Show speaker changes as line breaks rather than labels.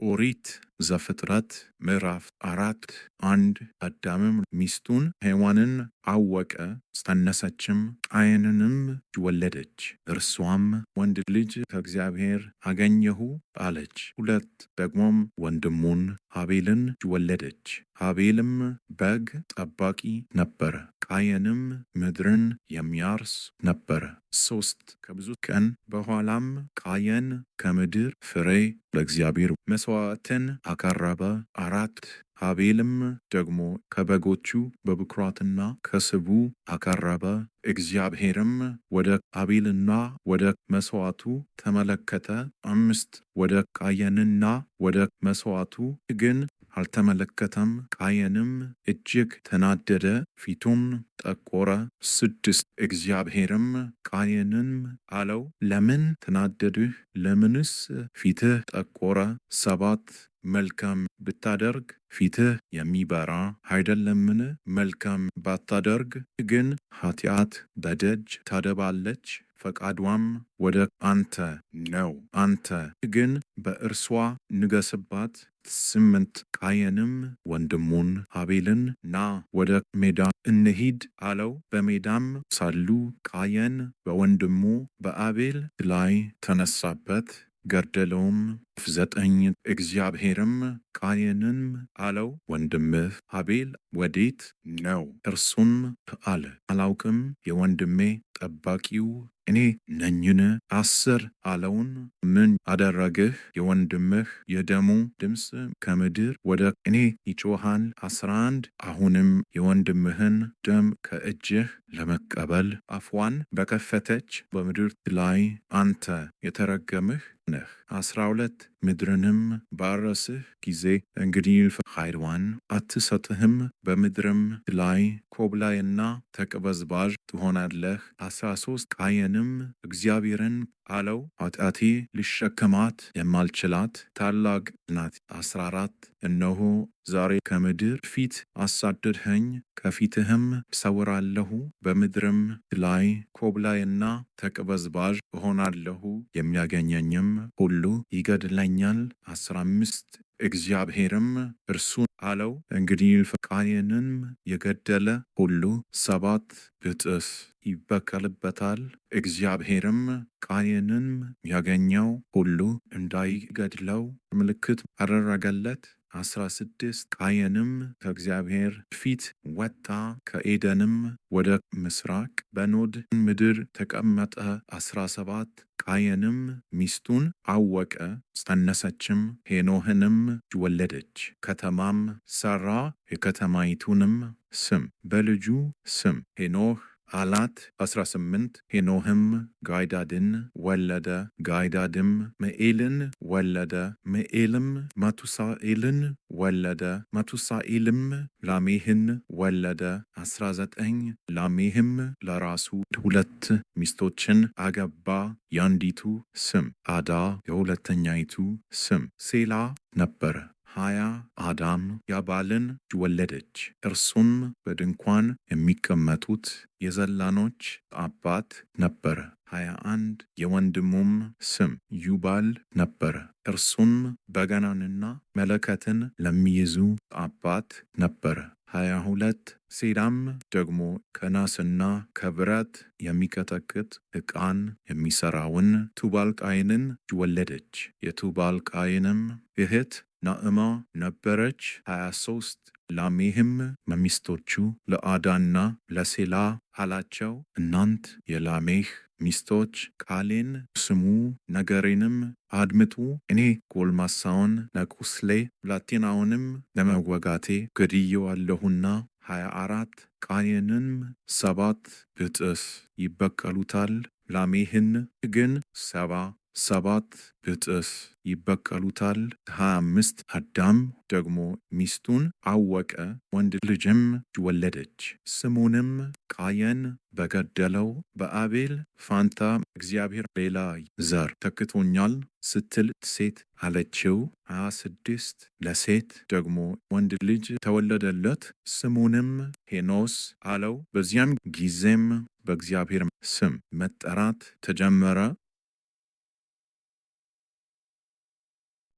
og rít. ዘፍጥረት ምዕራፍ አራት አንድ አዳምም ሚስቱን ሔዋንን አወቀ፣ ጸነሰችም፣ ቃየንንም ወለደች። እርሷም ወንድ ልጅ ከእግዚአብሔር አገኘሁ አለች። ሁለት ደግሞም ወንድሙን ሀቤልን ወለደች። ሀቤልም በግ ጠባቂ ነበረ፣ ቃየንም ምድርን የሚያርስ ነበረ። ሶስት ከብዙ ቀን በኋላም ቃየን ከምድር ፍሬ ለእግዚአብሔር መስዋዕትን አቀረበ። አራት አቤልም ደግሞ ከበጎቹ በብኩራትና ከስቡ አቀረበ። እግዚአብሔርም ወደ አቤልና ወደ መሥዋዕቱ ተመለከተ፣ አምስት ወደ ቃየንና ወደ መሥዋዕቱ ግን አልተመለከተም። ቃየንም እጅግ ተናደደ፣ ፊቱም ጠቆረ። ስድስት እግዚአብሔርም ቃየንም አለው፣ ለምን ተናደድህ? ለምንስ ፊትህ ጠቆረ? ሰባት መልካም ብታደርግ ፊትህ የሚበራ አይደለምን? መልካም ባታደርግ ግን ኃጢአት በደጅ ታደባለች፣ ፈቃዷም ወደ አንተ ነው። አንተ ግን በእርሷ ንገስባት። ስምንት ቃየንም ወንድሙን አቤልን ና ወደ ሜዳ እንሂድ አለው። በሜዳም ሳሉ ቃየን በወንድሙ በአቤል ላይ ተነሳበት። ገርደለውም ዘጠኝ እግዚአብሔርም ቃየንም አለው ወንድምህ አቤል ወዴት ነው? እርሱም አለ አላውቅም፣ የወንድሜ ጠባቂው እኔ ነኝን? አስር አለውን። ምን አደረግህ? የወንድምህ የደሙ ድምፅ ከምድር ወደ እኔ ይጮሃል። አስራ አንድ አሁንም የወንድምህን ደም ከእጅህ ለመቀበል አፏን በከፈተች በምድር ላይ አንተ የተረገምህ ነህ። አስራ ሁለት ምድርንም ባረስህ ጊዜ እንግዲህ ኃይልዋን አትሰጥህም፣ በምድርም ላይ ኮብላይና ተቅበዝባዥ ትሆናለህ። አስራ ሶስት ቃየንም አሁንም እግዚአብሔርን አለው ኃጢአቴ ልሸከማት የማልችላት ታላቅ ናት። 14 እነሆ ዛሬ ከምድር ፊት አሳደድኸኝ፣ ከፊትህም እሰውራለሁ፣ በምድርም ላይ ኮብላይና ተቅበዝባዥ እሆናለሁ፣ የሚያገኘኝም ሁሉ ይገድለኛል። 15 እግዚአብሔርም እርሱን አለው እንግዲህ ፈቃየንን የገደለ ሁሉ ሰባት እጥፍ ይበቀልበታል። እግዚአብሔርም ቃየንን ያገኘው ሁሉ እንዳይገድለው ምልክት አደረገለት። 16 ቃየንም ከእግዚአብሔር ፊት ወጣ፣ ከኤደንም ወደ ምስራቅ በኖድ ምድር ተቀመጠ። 17 ቃየንም ሚስቱን አወቀ፣ ጸነሰችም፣ ሄኖህንም ወለደች። ከተማም ሰራ፣ የከተማይቱንም ስም በልጁ ስም ሄኖህ አላት። 18 ሄኖህም ጋይዳድን ወለደ። ጋይዳድም ምኤልን ወለደ። ምኤልም ማቱሳኤልን ወለደ። ማቱሳኤልም ላሜህን ወለደ። 19 ላሜህም ለራሱ ሁለት ሚስቶችን አገባ። የአንዲቱ ስም አዳ፣ የሁለተኛይቱ ስም ሴላ ነበረ። ሀያ አዳም ያባልን ወለደች። እርሱም በድንኳን የሚቀመጡት የዘላኖች አባት ነበረ። ሀያ አንድ የወንድሙም ስም ዩባል ነበረ። እርሱም በገናንና መለከትን ለሚይዙ አባት ነበረ። ሀያ ሁለት ሴዳም ደግሞ ከናስና ከብረት የሚቀጠቅጥ ዕቃን የሚሠራውን ቱባልቃይንን ወለደች። የቱባልቃይንም እህት ናእማ ነበረች። 23 ላሜህም መሚስቶቹ ለአዳና ለሴላ አላቸው፣ እናንት የላሜህ ሚስቶች ቃሌን ስሙ፣ ነገሬንም አድምጡ። እኔ ጎልማሳውን ነቁስሌ ብላቴናውንም ለመወጋቴ ገድየዋለሁና። 24 አራት ቃየንም ሰባት ብጥስ ይበቀሉታል፣ ላሜህን ግን ሰባ ሰባት ብጥስ ይበቀሉታል። ሀያ አምስት አዳም ደግሞ ሚስቱን አወቀ፣ ወንድ ልጅም ወለደች። ስሙንም ቃየን በገደለው በአቤል ፋንታ እግዚአብሔር ሌላ ዘር ተክቶኛል ስትል ሴት አለችው። ሀያ ስድስት ለሴት ደግሞ ወንድ ልጅ ተወለደለት፣ ስሙንም ሄኖስ አለው። በዚያም ጊዜም በእግዚአብሔር ስም መጠራት ተጀመረ።